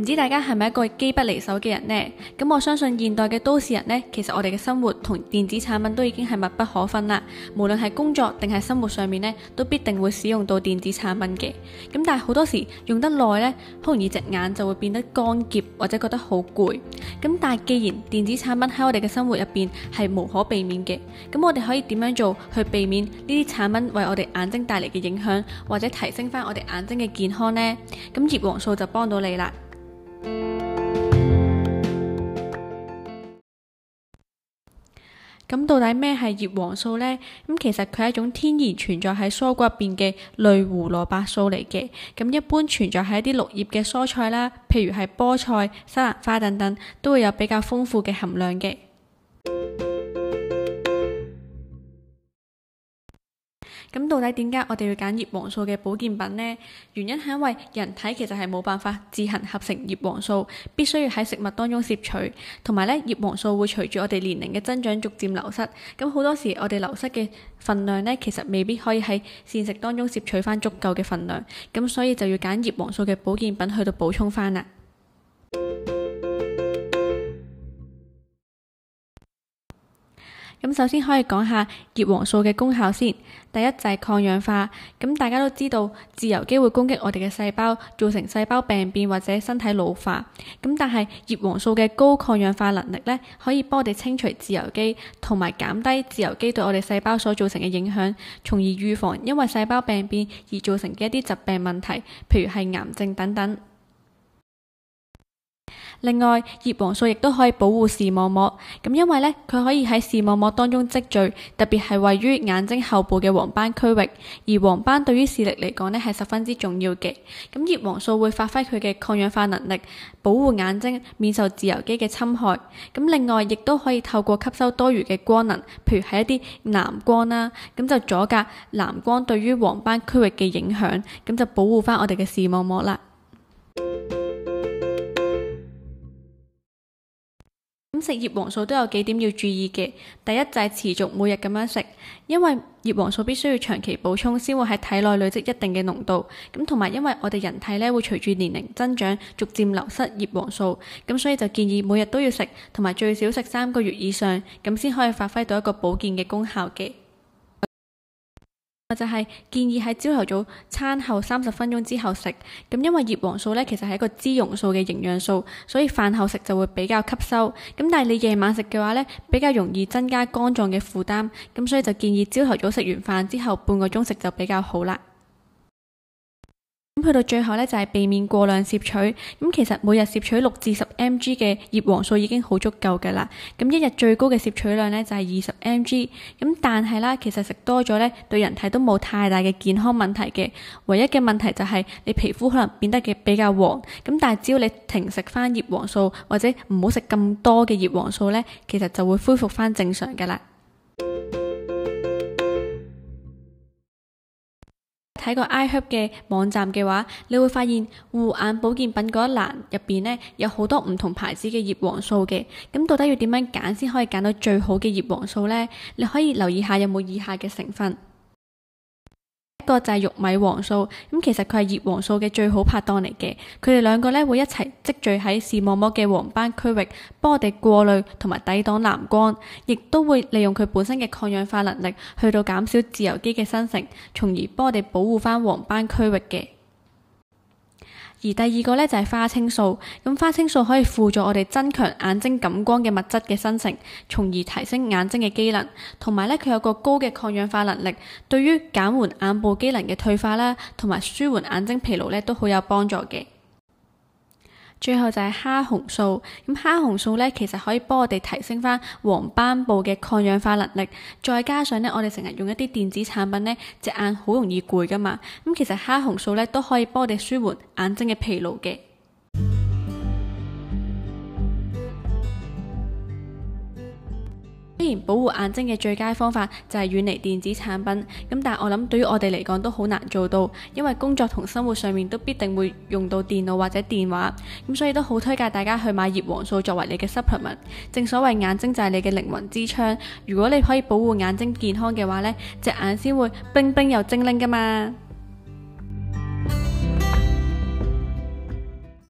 唔知大家係咪一個機不離手嘅人呢？咁我相信現代嘅都市人呢，其實我哋嘅生活同電子產品都已經係密不可分啦。無論係工作定係生活上面呢，都必定會使用到電子產品嘅。咁但係好多時用得耐呢，好容易隻眼就會變得乾澀或者覺得好攰。咁但係既然電子產品喺我哋嘅生活入邊係無可避免嘅，咁我哋可以點樣做去避免呢啲產品為我哋眼睛帶嚟嘅影響，或者提升翻我哋眼睛嘅健康呢？咁葉黃素就幫到你啦。咁到底咩係葉黃素呢？咁其實佢係一種天然存在喺蔬果入邊嘅類胡蘿蔔素嚟嘅。咁一般存在喺一啲綠葉嘅蔬菜啦，譬如係菠菜、西蘭花等等，都會有比較豐富嘅含量嘅。咁到底點解我哋要揀葉黃素嘅保健品呢？原因係因為人體其實係冇辦法自行合成葉黃素，必須要喺食物當中攝取。同埋咧，葉黃素會隨住我哋年齡嘅增長逐漸流失。咁好多時我哋流失嘅份量咧，其實未必可以喺膳食當中攝取翻足夠嘅份量。咁所以就要揀葉黃素嘅保健品去到補充翻啦。咁首先可以講下葉黃素嘅功效先。第一就係抗氧化。咁大家都知道自由基會攻擊我哋嘅細胞，造成細胞病變或者身體老化。咁但係葉黃素嘅高抗氧化能力呢，可以幫我哋清除自由基，同埋減低自由基對我哋細胞所造成嘅影響，從而預防因為細胞病變而造成嘅一啲疾病問題，譬如係癌症等等。另外，葉黃素亦都可以保護視網膜，咁因為咧，佢可以喺視網膜當中積聚，特別係位於眼睛後部嘅黃斑區域。而黃斑對於視力嚟講咧係十分之重要嘅。咁葉黃素會發揮佢嘅抗氧化能力，保護眼睛免受自由基嘅侵害。咁另外，亦都可以透過吸收多餘嘅光能，譬如係一啲藍光啦，咁就阻隔藍光對於黃斑區域嘅影響，咁就保護返我哋嘅視網膜啦。咁食葉黃素都有幾點要注意嘅。第一就係持續每日咁樣食，因為葉黃素必須要長期補充先會喺體內累積一定嘅濃度。咁同埋因為我哋人體咧會隨住年齡增長，逐漸流失葉黃素，咁所以就建議每日都要食，同埋最少食三個月以上，咁先可以發揮到一個保健嘅功效嘅。就係建議喺朝頭早餐後三十分鐘之後食，咁因為葉黃素呢其實係一個脂溶素嘅營養素，所以飯後食就會比較吸收，咁但係你夜晚食嘅話呢，比較容易增加肝臟嘅負擔，咁所以就建議朝頭早食完飯之後半個鐘食就比較好啦。咁去到最後咧，就係避免過量攝取。咁其實每日攝取六至十 mg 嘅葉黃素已經好足夠噶啦。咁一日最高嘅攝取量咧就係二十 mg。咁但係啦，其實食多咗咧，對人體都冇太大嘅健康問題嘅。唯一嘅問題就係你皮膚可能變得嘅比較黃。咁但係只要你停食翻葉黃素或者唔好食咁多嘅葉黃素咧，其實就會恢復翻正常噶啦。睇過 iHub 嘅網站嘅話，你會發現護眼保健品嗰一欄入邊咧，有好多唔同牌子嘅葉黃素嘅。咁到底要點樣揀先可以揀到最好嘅葉黃素咧？你可以留意下有冇以下嘅成分。一個就係玉米黃素，咁其實佢係葉黃素嘅最好拍檔嚟嘅，佢哋兩個咧會一齊積聚喺視網膜嘅黃斑區域，幫我哋過濾同埋抵擋藍光，亦都會利用佢本身嘅抗氧化能力，去到減少自由基嘅生成，從而幫我哋保護翻黃斑區域嘅。而第二個呢，就係花青素，咁花青素可以輔助我哋增強眼睛感光嘅物質嘅生成，從而提升眼睛嘅機能。同埋呢，佢有個高嘅抗氧化能力，對於減緩眼部機能嘅退化啦，同埋舒緩眼睛疲勞呢，都好有幫助嘅。最後就係蝦紅素，咁蝦紅素咧其實可以幫我哋提升返黃斑部嘅抗氧化能力，再加上咧我哋成日用一啲電子產品呢，隻眼好容易攰㗎嘛，咁其實蝦紅素咧都可以幫我哋舒緩眼睛嘅疲勞嘅。雖然保護眼睛嘅最佳方法就係遠離電子產品，咁但係我諗對於我哋嚟講都好難做到，因為工作同生活上面都必定會用到電腦或者電話，咁所以都好推介大家去買葉黃素作為你嘅 supplement。正所謂眼睛就係你嘅靈魂之窗，如果你可以保護眼睛健康嘅話，呢隻眼先會冰冰又精靈噶嘛。